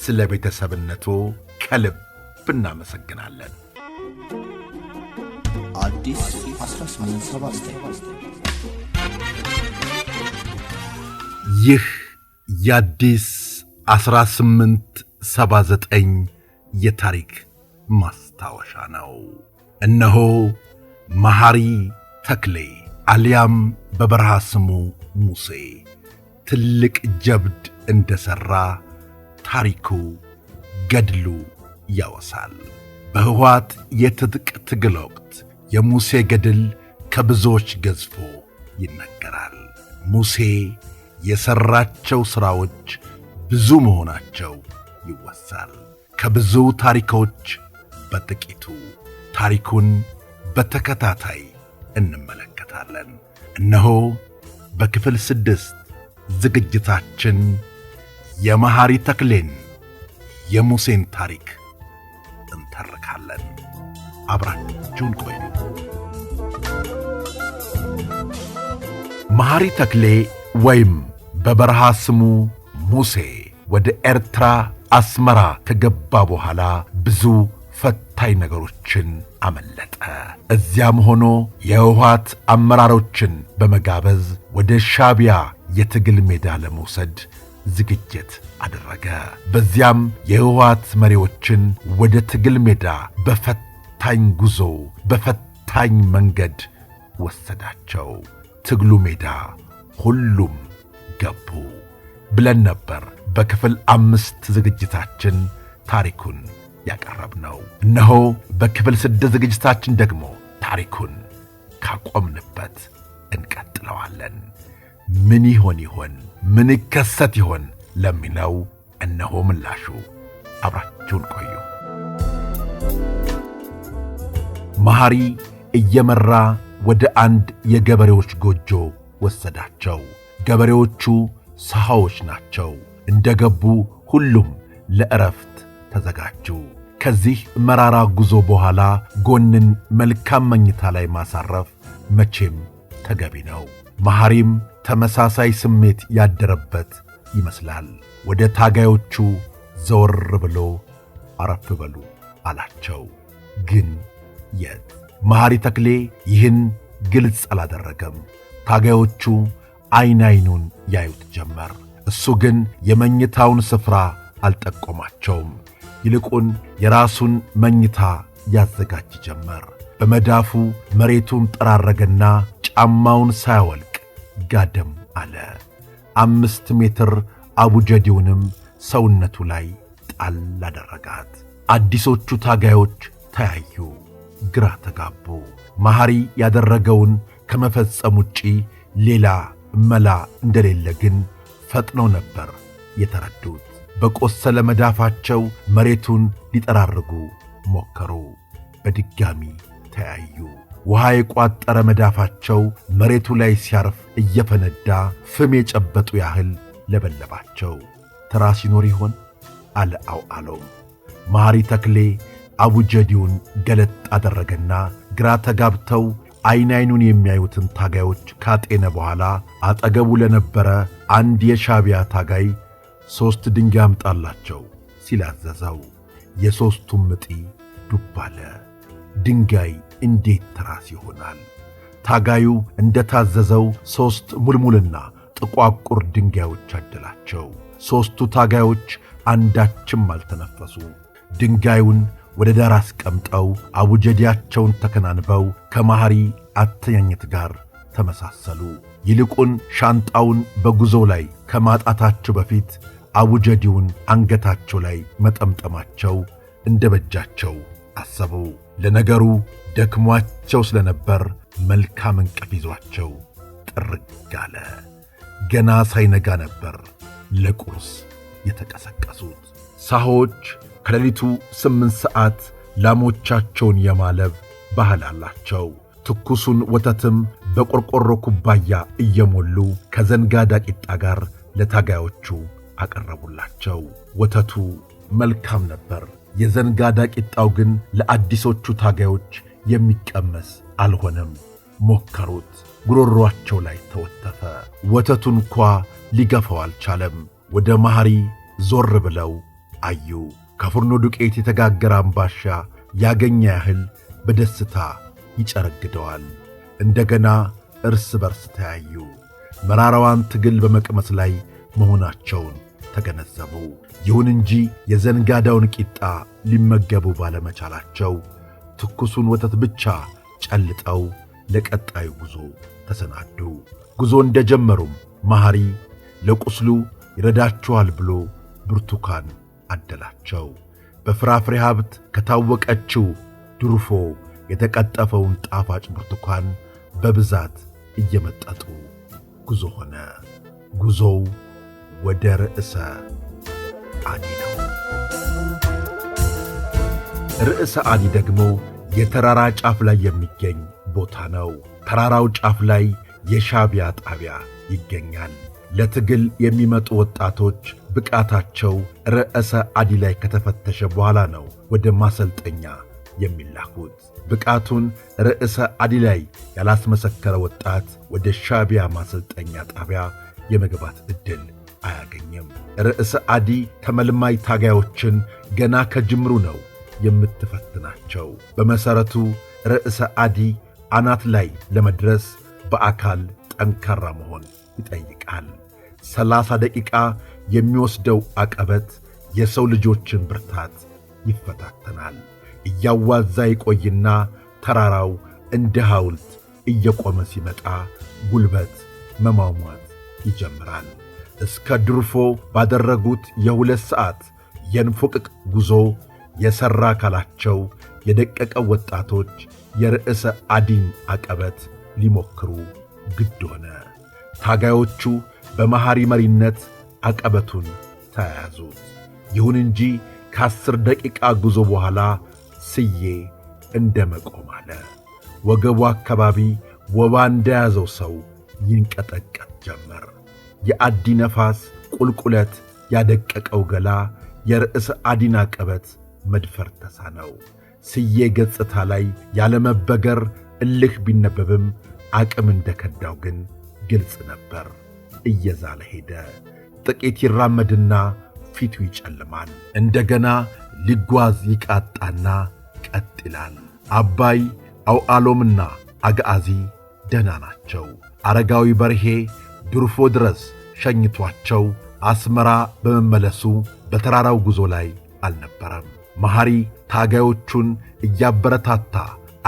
ስለ ቤተሰብነቱ ከልብ እናመሰግናለን። ይህ የአዲስ 1879 የታሪክ ማስታወሻ ነው። እነሆ መሐሪ ተክሌ አሊያም በበረሃ ስሙ ሙሴ ትልቅ ጀብድ እንደሠራ ታሪኩ ገድሉ ያወሳል። በህወሓት የትጥቅ ትግል ወቅት የሙሴ ገድል ከብዙዎች ገዝፎ ይነገራል። ሙሴ የሠራቸው ሥራዎች ብዙ መሆናቸው ይወሳል። ከብዙ ታሪኮች በጥቂቱ ታሪኩን በተከታታይ እንመለከታለን። እነሆ በክፍል ስድስት ዝግጅታችን የመሐሪ ተክሌን የሙሴን ታሪክ እንተርካለን። አብራችሁን ቆዩ። መሐሪ ተክሌ ወይም በበረሃ ስሙ ሙሴ ወደ ኤርትራ አስመራ ከገባ በኋላ ብዙ ፈታኝ ነገሮችን አመለጠ። እዚያም ሆኖ የውኃት አመራሮችን በመጋበዝ ወደ ሻቢያ የትግል ሜዳ ለመውሰድ ዝግጅት አደረገ። በዚያም የህወሓት መሪዎችን ወደ ትግል ሜዳ በፈታኝ ጉዞ በፈታኝ መንገድ ወሰዳቸው። ትግሉ ሜዳ ሁሉም ገቡ ብለን ነበር በክፍል አምስት ዝግጅታችን ታሪኩን ነው። እነሆ በክፍል ስድስት ዝግጅታችን ደግሞ ታሪኩን ካቆምንበት እንቀጥለዋለን። ምን ይሆን ይሆን ምን ይከሰት ይሆን ለሚለው እነሆ ምላሹ። አብራችሁን ቆዩ። መሐሪ እየመራ ወደ አንድ የገበሬዎች ጎጆ ወሰዳቸው። ገበሬዎቹ ሰሃዎች ናቸው። እንደ ገቡ ሁሉም ለእረፍት ተዘጋጁ። ከዚህ መራራ ጉዞ በኋላ ጎንን መልካም መኝታ ላይ ማሳረፍ መቼም ተገቢ ነው። መሐሪም ተመሳሳይ ስሜት ያደረበት ይመስላል። ወደ ታጋዮቹ ዘወር ብሎ አረፍ በሉ አላቸው። ግን የት? መሐሪ ተክሌ ይህን ግልጽ አላደረገም። ታጋዮቹ ዐይን ዐይኑን ያዩት ጀመር። እሱ ግን የመኝታውን ስፍራ አልጠቆማቸውም። ይልቁን የራሱን መኝታ ያዘጋጅ ጀመር። በመዳፉ መሬቱን ጠራረገና ጫማውን ሳያወልቅ ይጋደም አለ። አምስት ሜትር አቡጀዲውንም ሰውነቱ ላይ ጣል አደረጋት። አዲሶቹ ታጋዮች ተያዩ፣ ግራ ተጋቡ። መሐሪ ያደረገውን ከመፈጸም ውጪ ሌላ መላ እንደሌለ ግን ፈጥነው ነበር የተረዱት። በቆሰለ መዳፋቸው መሬቱን ሊጠራርጉ ሞከሩ። በድጋሚ ተያዩ። ውሃ የቋጠረ መዳፋቸው መሬቱ ላይ ሲያርፍ እየፈነዳ ፍም የጨበጡ ያህል ለበለባቸው። ተራ ሲኖር ይሆን አለአው አለውም። መሐሪ ተክሌ አቡጀዲውን ገለጥ አደረገና ግራ ተጋብተው ዐይን ዐይኑን የሚያዩትን ታጋዮች ካጤነ በኋላ አጠገቡ ለነበረ አንድ የሻቢያ ታጋይ ሦስት ድንጋይ አምጣላቸው ሲል አዘዘው። የሦስቱም ምጢ ዱብ አለ። ድንጋይ እንዴት ትራስ ይሆናል? ታጋዩ እንደ ታዘዘው ሦስት ሙልሙልና ጥቋቁር ድንጋዮች አደላቸው። ሦስቱ ታጋዮች አንዳችም አልተነፈሱ። ድንጋዩን ወደ ዳር አስቀምጠው አቡጀዲያቸውን ተከናንበው ከማሐሪ አተኛኘት ጋር ተመሳሰሉ። ይልቁን ሻንጣውን በጉዞ ላይ ከማጣታቸው በፊት አቡጀዲውን አንገታቸው ላይ መጠምጠማቸው እንደ በጃቸው አሰቡ። ለነገሩ ደክሟቸው ስለነበር መልካም እንቅልፍ ይዟቸው ጥርግ አለ። ገና ሳይነጋ ነበር ለቁርስ የተቀሰቀሱት። ሳሆች ከሌሊቱ ስምንት ሰዓት ላሞቻቸውን የማለብ ባህል አላቸው። ትኩሱን ወተትም በቆርቆሮ ኩባያ እየሞሉ ከዘንጋዳ ቂጣ ጋር ለታጋዮቹ አቀረቡላቸው። ወተቱ መልካም ነበር። የዘንጋዳ ቂጣው ግን ለአዲሶቹ ታጋዮች የሚቀመስ አልሆነም። ሞከሩት፣ ጉሮሯቸው ላይ ተወተፈ። ወተቱ እንኳ ሊገፋው አልቻለም። ወደ መሐሪ ዞር ብለው አዩ። ከፍርኖ ዱቄት የተጋገረ አምባሻ ያገኘ ያህል በደስታ ይጨረግደዋል። እንደገና እርስ በርስ ተያዩ። መራራዋን ትግል በመቅመስ ላይ መሆናቸውን ተገነዘቡ። ይሁን እንጂ የዘንጋዳውን ቂጣ ሊመገቡ ባለመቻላቸው ትኩሱን ወተት ብቻ ጨልጠው ለቀጣዩ ጉዞ ተሰናዱ። ጉዞ እንደጀመሩም መሐሪ ለቁስሉ ይረዳችኋል ብሎ ብርቱካን አደላቸው። በፍራፍሬ ሀብት ከታወቀችው ድርፎ የተቀጠፈውን ጣፋጭ ብርቱካን በብዛት እየመጠጡ ጉዞ ሆነ። ጉዞው ወደ ርዕሰ አኒ ነው። ርዕሰ አኒ ደግሞ የተራራ ጫፍ ላይ የሚገኝ ቦታ ነው። ተራራው ጫፍ ላይ የሻቢያ ጣቢያ ይገኛል። ለትግል የሚመጡ ወጣቶች ብቃታቸው ርዕሰ አዲ ላይ ከተፈተሸ በኋላ ነው ወደ ማሰልጠኛ የሚላኩት። ብቃቱን ርዕሰ አዲ ላይ ያላስመሰከረ ወጣት ወደ ሻቢያ ማሰልጠኛ ጣቢያ የመግባት ዕድል አያገኘም። ርዕሰ አዲ ተመልማይ ታጋዮችን ገና ከጅምሩ ነው የምትፈትናቸው። በመሠረቱ ርዕሰ አዲ አናት ላይ ለመድረስ በአካል ጠንካራ መሆን ይጠይቃል። ሰላሳ ደቂቃ የሚወስደው አቀበት የሰው ልጆችን ብርታት ይፈታተናል። እያዋዛ ይቆይና ተራራው እንደ ሐውልት እየቆመ ሲመጣ ጉልበት መሟሟት ይጀምራል። እስከ ድርፎ ባደረጉት የሁለት ሰዓት የንፉቅቅ ጉዞ የሠራ አካላቸው የደቀቀ ወጣቶች የርዕሰ አዲን አቀበት ሊሞክሩ ግድ ሆነ። ታጋዮቹ በመሐሪ መሪነት አቀበቱን ተያያዙት። ይሁን እንጂ ከአስር ደቂቃ ጉዞ በኋላ ስዬ እንደ መቆም አለ። ወገቡ አካባቢ ወባ እንደያዘው ሰው ይንቀጠቀጥ ጀመር። የአዲ ነፋስ ቁልቁለት ያደቀቀው ገላ የርዕሰ አዲና ቀበት መድፈር ተሳ ነው። ስዬ ገጽታ ላይ ያለመበገር እልህ ቢነበብም አቅም እንደከዳው ግን ግልጽ ነበር። እየዛለ ሄደ። ጥቂት ይራመድና ፊቱ ይጨልማል። እንደገና ሊጓዝ ይቃጣና ቀጥ ይላል። አባይ አውዓሎምና አግአዚ ደና ናቸው። አረጋዊ በርሄ ድርፎ ድረስ ሸኝቷቸው አስመራ በመመለሱ በተራራው ጉዞ ላይ አልነበረም። መሐሪ ታጋዮቹን እያበረታታ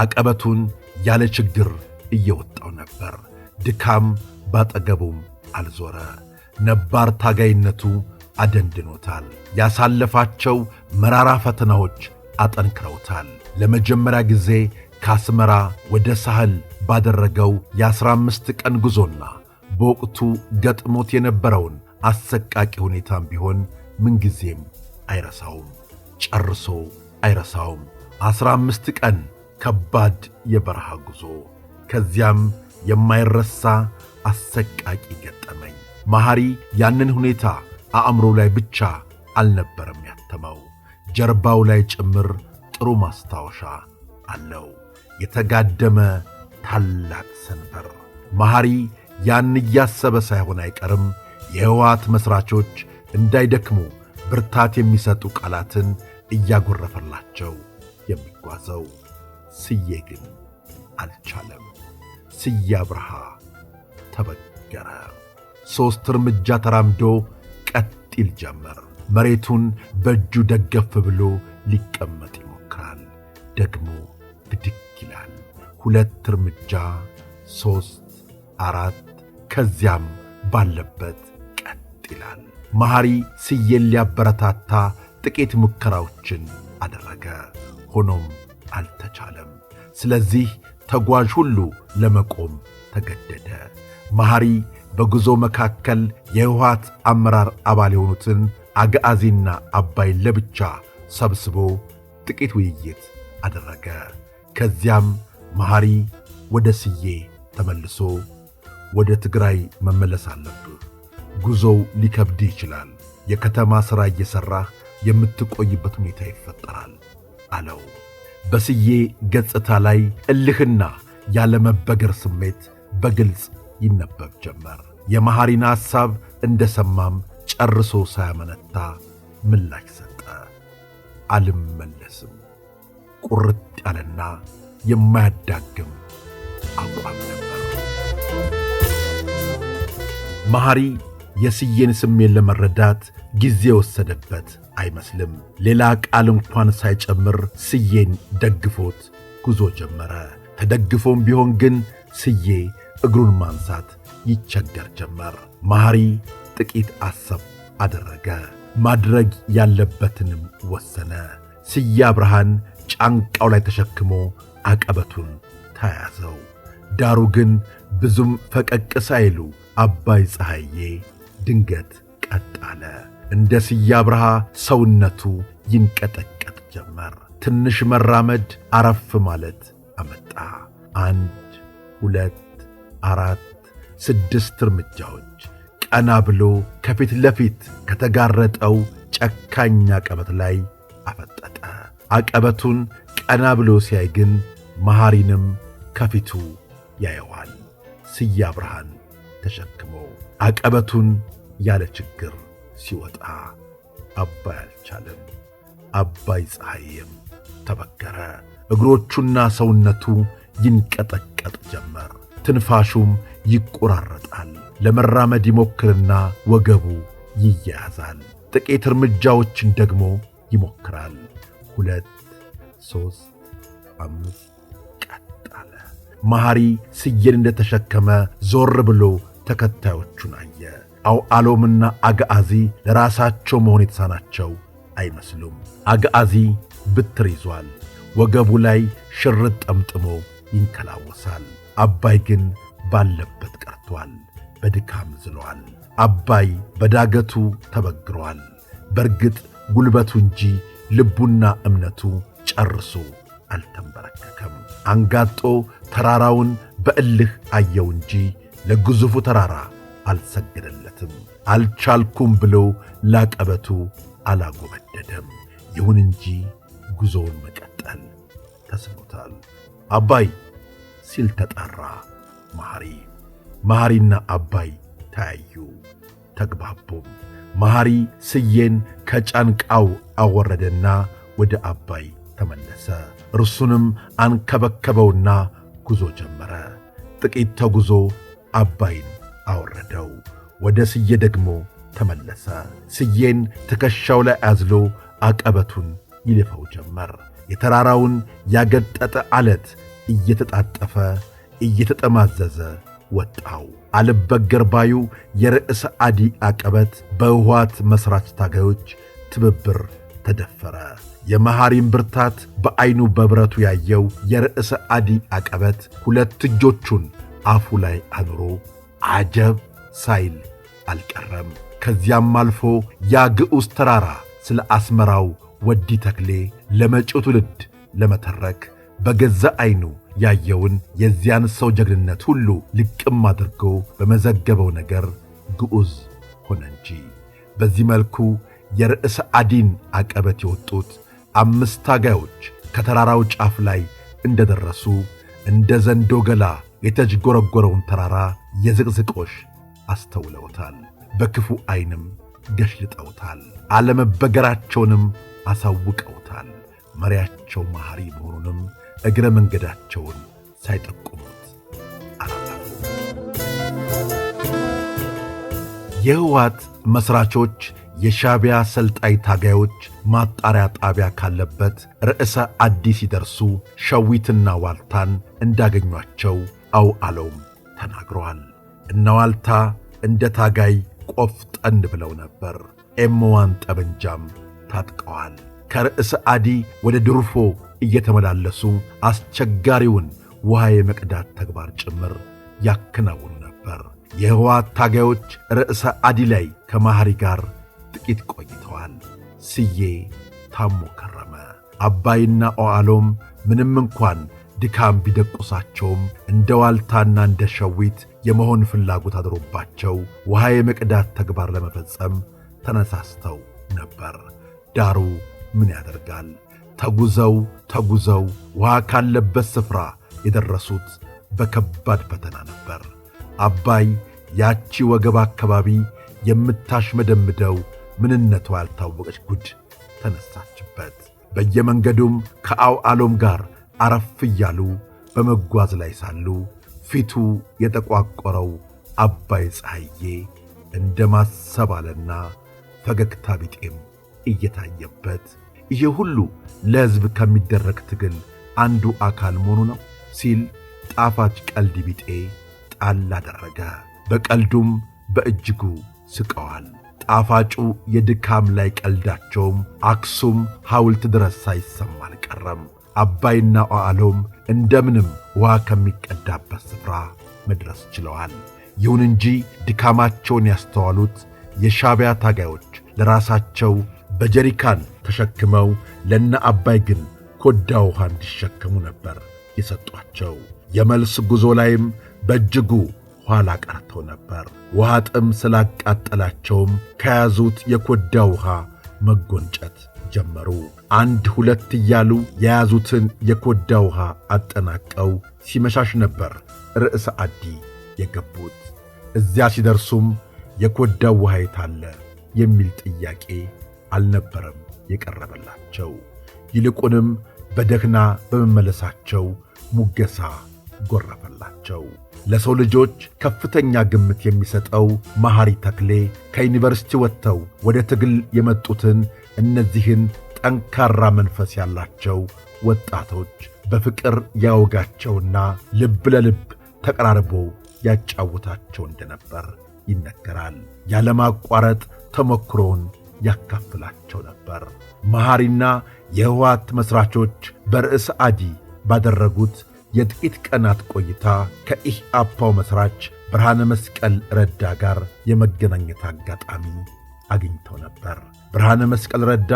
አቀበቱን ያለ ችግር እየወጣው ነበር። ድካም ባጠገቡም አልዞረ። ነባር ታጋይነቱ አደንድኖታል። ያሳለፋቸው መራራ ፈተናዎች አጠንክረውታል። ለመጀመሪያ ጊዜ ከአስመራ ወደ ሳህል ባደረገው የአስራ አምስት ቀን ጉዞና በወቅቱ ገጥሞት የነበረውን አሰቃቂ ሁኔታም ቢሆን ምንጊዜም አይረሳውም፣ ጨርሶ አይረሳውም። ዐሥራ አምስት ቀን ከባድ የበረሃ ጉዞ፣ ከዚያም የማይረሳ አሰቃቂ ገጠመኝ። መሐሪ ያንን ሁኔታ አእምሮ ላይ ብቻ አልነበረም ያተመው፣ ጀርባው ላይ ጭምር ጥሩ ማስታወሻ አለው። የተጋደመ ታላቅ ሰንበር መሐሪ ያን እያሰበ ሳይሆን አይቀርም የሕወሓት መሥራቾች እንዳይደክሙ ብርታት የሚሰጡ ቃላትን እያጎረፈላቸው የሚጓዘው። ስዬ ግን አልቻለም። ስዬ አብርሃ ተበገረ። ሦስት እርምጃ ተራምዶ ቀጥ ይል ጀመር። መሬቱን በእጁ ደገፍ ብሎ ሊቀመጥ ይሞክራል። ደግሞ ብድግ ይላል። ሁለት እርምጃ ሦስት አራት ከዚያም ባለበት ቀጥ ይላል። መሐሪ ስዬን ሊያበረታታ ጥቂት ሙከራዎችን አደረገ። ሆኖም አልተቻለም። ስለዚህ ተጓዥ ሁሉ ለመቆም ተገደደ። መሐሪ በጉዞ መካከል የህወሓት አመራር አባል የሆኑትን አግአዚና አባይን ለብቻ ሰብስቦ ጥቂት ውይይት አደረገ። ከዚያም መሐሪ ወደ ስዬ ተመልሶ ወደ ትግራይ መመለስ አለብህ። ጉዞው ሊከብድ ይችላል። የከተማ ሥራ እየሠራህ የምትቆይበት ሁኔታ ይፈጠራል አለው። በስዬ ገጽታ ላይ እልህና ያለመበገር ስሜት በግልጽ ይነበብ ጀመር። የመሐሪን ሐሳብ እንደ ሰማም ጨርሶ ሳያመነታ ምላሽ ሰጠ። አልመለስም። ቁርጥ ያለና የማያዳግም አቋም መሐሪ የስዬን ስሜት ለመረዳት ጊዜ የወሰደበት አይመስልም። ሌላ ቃል እንኳን ሳይጨምር ስዬን ደግፎት ጉዞ ጀመረ። ተደግፎም ቢሆን ግን ስዬ እግሩን ማንሳት ይቸገር ጀመር። መሐሪ ጥቂት አሰብ አደረገ። ማድረግ ያለበትንም ወሰነ። ስዬ አብርሃን ጫንቃው ላይ ተሸክሞ አቀበቱን ተያዘው። ዳሩ ግን ብዙም ፈቀቅ ሳይሉ አባይ ፀሐዬ ድንገት ቀጥ አለ። እንደ ስያ አብርሃ ሰውነቱ ይንቀጠቀጥ ጀመር። ትንሽ መራመድ፣ አረፍ ማለት አመጣ። አንድ ሁለት፣ አራት፣ ስድስት እርምጃዎች ቀና ብሎ ከፊት ለፊት ከተጋረጠው ጨካኝ አቀበት ላይ አፈጠጠ። አቀበቱን ቀና ብሎ ሲያይ ግን መሐሪንም ከፊቱ ያየዋል። ስያ ብርሃን ተሸክሞ አቀበቱን ያለ ችግር ሲወጣ አባይ አልቻለም። አባይ ፀሐይም ተበገረ። እግሮቹና ሰውነቱ ይንቀጠቀጥ ጀመር። ትንፋሹም ይቆራረጣል። ለመራመድ ይሞክርና ወገቡ ይያያዛል። ጥቂት እርምጃዎችን ደግሞ ይሞክራል። ሁለት፣ ሦስት፣ አምስት መሐሪ ስየን እንደተሸከመ ዞር ብሎ ተከታዮቹን አየ። አውዓሎምና አግአዚ ለራሳቸው መሆን የተሳናቸው አይመስሉም። አግአዚ ብትር ይዟል። ወገቡ ላይ ሽርጥ ጠምጥሞ ይንከላወሳል። አባይ ግን ባለበት ቀርቷል። በድካም ዝሏል። አባይ በዳገቱ ተበግሯል። በርግጥ ጉልበቱ እንጂ ልቡና እምነቱ ጨርሶ አልተንበረከከም። አንጋጦ ተራራውን በእልህ አየው እንጂ ለግዙፉ ተራራ አልሰገደለትም። አልቻልኩም ብሎ ላቀበቱ አላጎበደደም። ይሁን እንጂ ጉዞውን መቀጠል ተስኖታል። አባይ ሲል ተጠራ። መሐሪ መሐሪና አባይ ተያዩ፣ ተግባቡም። መሐሪ ስዬን ከጫንቃው አወረደና ወደ አባይ ተመለሰ። እርሱንም አንከበከበውና ጉዞ ጀመረ። ጥቂት ተጉዞ አባይን አወረደው። ወደ ስዬ ደግሞ ተመለሰ። ስዬን ትከሻው ላይ አዝሎ አቀበቱን ይልፈው ጀመር። የተራራውን ያገጠጠ አለት እየተጣጠፈ እየተጠማዘዘ ወጣው። አልበገር ባዩ የርዕሰ አዲ አቀበት በህወሓት መሥራች ታጋዮች ትብብር ተደፈረ። የመሐሪም ብርታት በዐይኑ በብረቱ ያየው የርዕሰ አዲ አቀበት ሁለት እጆቹን አፉ ላይ አኑሮ አጀብ ሳይል አልቀረም። ከዚያም አልፎ ያ ተራራ ስለ አስመራው ወዲ ተክሌ ለመጪው ትውልድ ለመተረክ በገዛ ዐይኑ ያየውን የዚያን ሰው ጀግንነት ሁሉ ልቅም አድርጎ በመዘገበው ነገር ግዑዝ ሆነ እንጂ። በዚህ መልኩ የርዕሰ አዲን አቀበት የወጡት አምስት ታጋዮች ከተራራው ጫፍ ላይ እንደደረሱ እንደ ዘንዶ ገላ የተጅጎረጎረውን ተራራ የዝቅዝቆሽ አስተውለውታል። በክፉ ዐይንም ገሽልጠውታል። አለመበገራቸውንም አሳውቀውታል። መሪያቸው መሐሪ መሆኑንም እግረ መንገዳቸውን ሳይጠቁሙት አላጣፉ። የሕወሓት መሥራቾች የሻቢያ ሰልጣኝ ታጋዮች ማጣሪያ ጣቢያ ካለበት ርዕሰ አዲስ ሲደርሱ ሸዊትና ዋልታን እንዳገኟቸው አለውም ተናግረዋል። እነ ዋልታ እንደ ታጋይ ቆፍጠን ብለው ነበር። ኤምዋን ጠመንጃም ታጥቀዋል። ከርዕሰ አዲ ወደ ድርፎ እየተመላለሱ አስቸጋሪውን ውሃ የመቅዳት ተግባር ጭምር ያከናውኑ ነበር። የህዋት ታጋዮች ርዕሰ አዲ ላይ ከማኅሪ ጋር ጥቂት ቆይተዋል። ስዬ ታሞ ከረመ። አባይና ኦዓሎም ምንም እንኳን ድካም ቢደቁሳቸውም እንደ ዋልታና እንደ ሸዊት የመሆን ፍላጎት አድሮባቸው ውሃ የመቅዳት ተግባር ለመፈጸም ተነሳስተው ነበር። ዳሩ ምን ያደርጋል፣ ተጉዘው ተጉዘው ውሃ ካለበት ስፍራ የደረሱት በከባድ ፈተና ነበር። አባይ ያቺ ወገብ አካባቢ የምታሽመደምደው ምንነቷ ያልታወቀች ጉድ ተነሳችበት። በየመንገዱም ከአውዓሎም ጋር አረፍ እያሉ በመጓዝ ላይ ሳሉ ፊቱ የተቋቆረው አባይ ፀሐዬ እንደ ማሰባለና ፈገግታ ቢጤም እየታየበት ይሄ ሁሉ ለሕዝብ ከሚደረግ ትግል አንዱ አካል መሆኑ ነው ሲል ጣፋጭ ቀልድ ቢጤ ጣል አደረገ። በቀልዱም በእጅጉ ስቀዋል። ጣፋጩ የድካም ላይ ቀልዳቸውም አክሱም ሐውልት ድረስ ሳይሰማ አልቀረም። አባይና ኦአሎም እንደምንም ውሃ ከሚቀዳበት ስፍራ መድረስ ችለዋል። ይሁን እንጂ ድካማቸውን ያስተዋሉት የሻቢያ ታጋዮች ለራሳቸው በጀሪካን ተሸክመው ለነ አባይ ግን ኮዳ ውሃ እንዲሸከሙ ነበር የሰጧቸው። የመልስ ጉዞ ላይም በእጅጉ ኋላ ቀርተው ነበር። ውሃ ጥም ስላቃጠላቸውም ከያዙት የኮዳ ውሃ መጎንጨት ጀመሩ። አንድ ሁለት እያሉ የያዙትን የኮዳ ውሃ አጠናቀው ሲመሻሽ ነበር ርዕሰ አዲ የገቡት። እዚያ ሲደርሱም የኮዳው ውሃ የታለ የሚል ጥያቄ አልነበረም የቀረበላቸው። ይልቁንም በደህና በመመለሳቸው ሙገሳ ጎረፈላቸው። ለሰው ልጆች ከፍተኛ ግምት የሚሰጠው መሐሪ ተክሌ ከዩኒቨርሲቲ ወጥተው ወደ ትግል የመጡትን እነዚህን ጠንካራ መንፈስ ያላቸው ወጣቶች በፍቅር ያወጋቸውና ልብ ለልብ ተቀራርቦ ያጫውታቸው እንደነበር ይነገራል። ያለማቋረጥ ተሞክሮውን ያካፍላቸው ነበር። መሐሪና የህወሓት መሥራቾች በርዕሰ አዲ ባደረጉት የጥቂት ቀናት ቆይታ ከኢህአፓው መስራች ብርሃነ መስቀል ረዳ ጋር የመገናኘት አጋጣሚ አግኝተው ነበር። ብርሃነ መስቀል ረዳ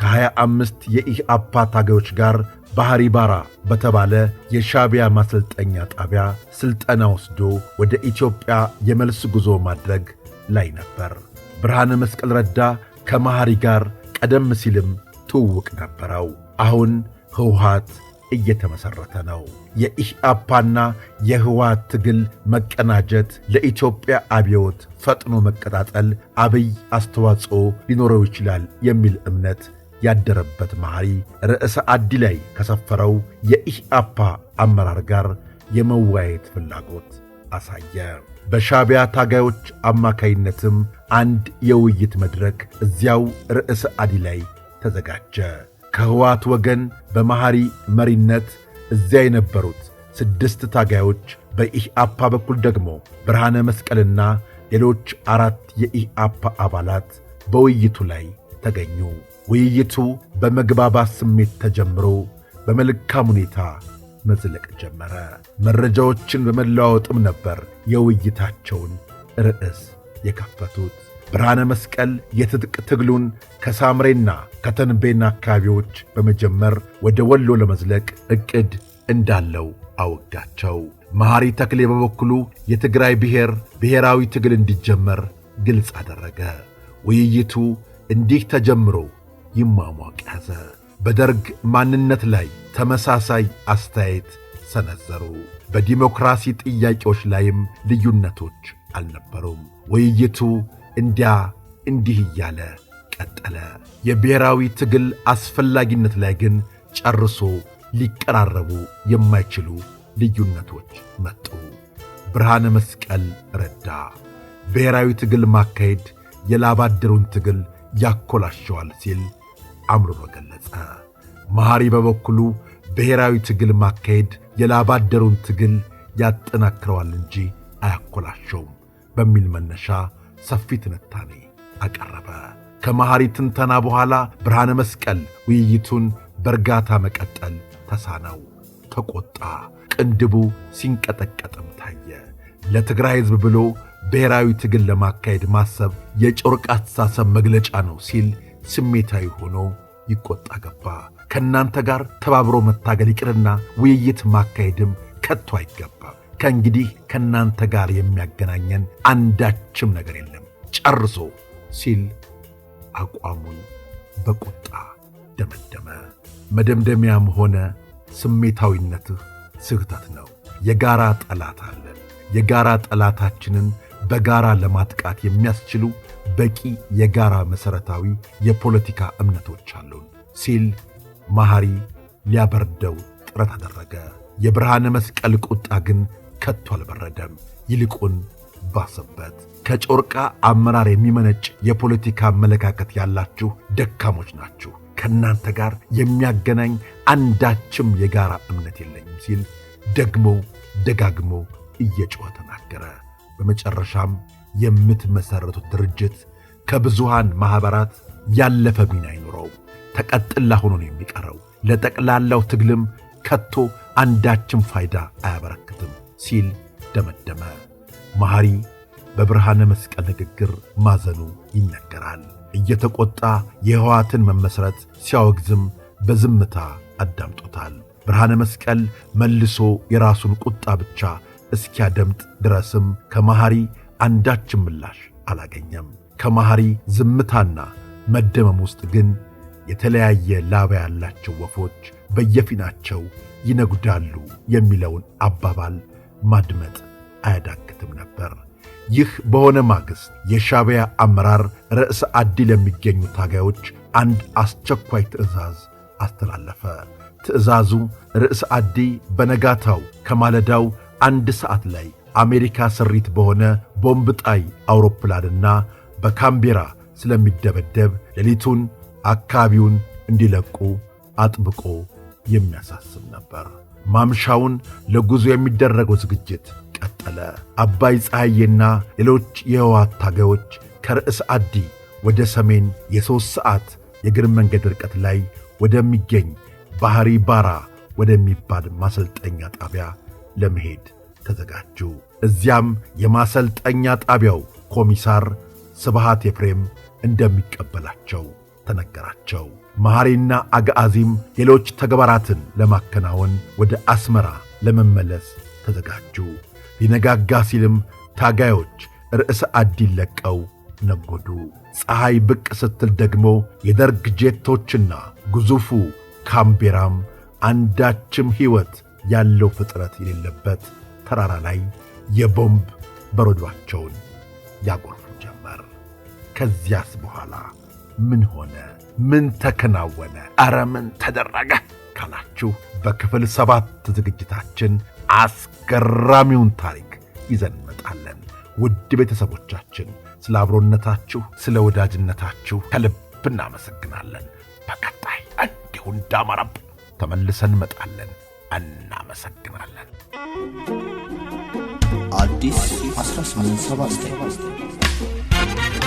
ከሀያ አምስት የኢህአፓ ታጋዮች ጋር ባህሪ ባራ በተባለ የሻቢያ ማሰልጠኛ ጣቢያ ሥልጠና ወስዶ ወደ ኢትዮጵያ የመልስ ጉዞ ማድረግ ላይ ነበር። ብርሃነ መስቀል ረዳ ከመሐሪ ጋር ቀደም ሲልም ትውውቅ ነበረው። አሁን ህውሃት እየተመሠረተ ነው። የኢህአፓና የህወሓት ትግል መቀናጀት ለኢትዮጵያ አብዮት ፈጥኖ መቀጣጠል አብይ አስተዋጽኦ ሊኖረው ይችላል የሚል እምነት ያደረበት መሐሪ ርዕሰ አዲ ላይ ከሰፈረው የኢህአፓ አመራር ጋር የመወያየት ፍላጎት አሳየ። በሻቢያ ታጋዮች አማካይነትም አንድ የውይይት መድረክ እዚያው ርዕሰ አዲ ላይ ተዘጋጀ። ከህወሓት ወገን በመሐሪ መሪነት እዚያ የነበሩት ስድስት ታጋዮች፣ በኢህአፓ በኩል ደግሞ ብርሃነ መስቀልና ሌሎች አራት የኢህአፓ አባላት በውይይቱ ላይ ተገኙ። ውይይቱ በመግባባት ስሜት ተጀምሮ በመልካም ሁኔታ መዝለቅ ጀመረ። መረጃዎችን በመለዋወጥም ነበር የውይይታቸውን ርዕስ የከፈቱት። ብርሃነ መስቀል የትጥቅ ትግሉን ከሳምሬና ከተንቤና አካባቢዎች በመጀመር ወደ ወሎ ለመዝለቅ ዕቅድ እንዳለው አወጋቸው። መሐሪ ተክሌ በበኩሉ የትግራይ ብሔር ብሔራዊ ትግል እንዲጀመር ግልጽ አደረገ። ውይይቱ እንዲህ ተጀምሮ ይሟሟቅ ያዘ። በደርግ ማንነት ላይ ተመሳሳይ አስተያየት ሰነዘሩ። በዲሞክራሲ ጥያቄዎች ላይም ልዩነቶች አልነበሩም። ውይይቱ እንዲያ እንዲህ እያለ ቀጠለ። የብሔራዊ ትግል አስፈላጊነት ላይ ግን ጨርሶ ሊቀራረቡ የማይችሉ ልዩነቶች መጡ። ብርሃነ መስቀል ረዳ ብሔራዊ ትግል ማካሄድ የላባደሩን ትግል ያኮላሸዋል ሲል አምርሮ ገለጸ። መሐሪ በበኩሉ ብሔራዊ ትግል ማካሄድ የላባደሩን ትግል ያጠናክረዋል እንጂ አያኮላሸውም በሚል መነሻ ሰፊ ትንታኔ አቀረበ። ከመሐሪ ትንተና በኋላ ብርሃነ መስቀል ውይይቱን በእርጋታ መቀጠል ተሳነው። ተቆጣ። ቅንድቡ ሲንቀጠቀጥም ታየ። ለትግራይ ሕዝብ ብሎ ብሔራዊ ትግል ለማካሄድ ማሰብ የጨርቅ አስተሳሰብ መግለጫ ነው ሲል ስሜታዊ ሆኖ ይቆጣ ገባ። ከእናንተ ጋር ተባብሮ መታገል ይቅርና ውይይት ማካሄድም ከቶ አይገባም። ከእንግዲህ ከእናንተ ጋር የሚያገናኘን አንዳችም ነገር የለም ጨርሶ ሲል አቋሙን በቁጣ ደመደመ። መደምደሚያም ሆነ ስሜታዊነትህ ስህተት ነው። የጋራ ጠላት አለን። የጋራ ጠላታችንን በጋራ ለማጥቃት የሚያስችሉ በቂ የጋራ መሠረታዊ የፖለቲካ እምነቶች አሉን ሲል መሐሪ ሊያበርደው ጥረት አደረገ። የብርሃነ መስቀል ቁጣ ግን ከቶ አልበረደም። ይልቁን ባሰበት። ከጮርቃ አመራር የሚመነጭ የፖለቲካ አመለካከት ያላችሁ ደካሞች ናችሁ፣ ከእናንተ ጋር የሚያገናኝ አንዳችም የጋራ እምነት የለኝም ሲል ደግሞ ደጋግሞ እየጮኸ ተናገረ። በመጨረሻም የምትመሠረቱት ድርጅት ከብዙሃን ማኅበራት ያለፈ ሚና አይኖረው፣ ተቀጥላ ሆኖ ነው የሚቀረው። ለጠቅላላው ትግልም ከቶ አንዳችም ፋይዳ አያበረክትም። ሲል ደመደመ። መሐሪ በብርሃነ መስቀል ንግግር ማዘኑ ይነገራል። እየተቆጣ የህወሓትን መመስረት ሲያወግዝም በዝምታ አዳምጦታል። ብርሃነ መስቀል መልሶ የራሱን ቁጣ ብቻ እስኪያደምጥ ድረስም ከመሐሪ አንዳችም ምላሽ አላገኘም። ከመሐሪ ዝምታና መደመም ውስጥ ግን የተለያየ ላባ ያላቸው ወፎች በየፊናቸው ይነጉዳሉ የሚለውን አባባል ማድመጥ አያዳግትም ነበር። ይህ በሆነ ማግስት የሻቢያ አመራር ርዕሰ አዲል ለሚገኙ ታጋዮች አንድ አስቸኳይ ትዕዛዝ አስተላለፈ። ትዕዛዙ ርዕሰ አዲ በነጋታው ከማለዳው አንድ ሰዓት ላይ አሜሪካ ስሪት በሆነ ቦምብ ጣይ አውሮፕላንና በካምቤራ ስለሚደበደብ ሌሊቱን አካባቢውን እንዲለቁ አጥብቆ የሚያሳስብ ነበር። ማምሻውን ለጉዞ የሚደረገው ዝግጅት ቀጠለ። አባይ ፀሐዬና ሌሎች የህወሓት ታጋዮች ከርዕስ አዲ ወደ ሰሜን የሦስት ሰዓት የእግር መንገድ ርቀት ላይ ወደሚገኝ ባህሪ ባራ ወደሚባል ማሰልጠኛ ጣቢያ ለመሄድ ተዘጋጁ። እዚያም የማሰልጠኛ ጣቢያው ኮሚሳር ስብሃት ኤፍሬም እንደሚቀበላቸው ተነገራቸው። መሐሪና አግዓዚም ሌሎች ተግባራትን ለማከናወን ወደ አስመራ ለመመለስ ተዘጋጁ። ሊነጋጋ ሲልም ታጋዮች ርዕሰ አዲን ለቀው ነጎዱ። ፀሐይ ብቅ ስትል ደግሞ የደርግ ጄቶችና ግዙፉ ካምቤራም አንዳችም ሕይወት ያለው ፍጥረት የሌለበት ተራራ ላይ የቦምብ በረዷቸውን ያጎርፉ ጀመር። ከዚያስ በኋላ ምን ሆነ? ምን ተከናወነ፣ አረ ምን ተደረገ ካላችሁ በክፍል ሰባት ዝግጅታችን አስገራሚውን ታሪክ ይዘን እንመጣለን። ውድ ቤተሰቦቻችን ስለ አብሮነታችሁ፣ ስለ ወዳጅነታችሁ ከልብ እናመሰግናለን። በቀጣይ እንዲሁ እንዳማረብን ተመልሰን እንመጣለን። እናመሰግናለን። አዲስ 1879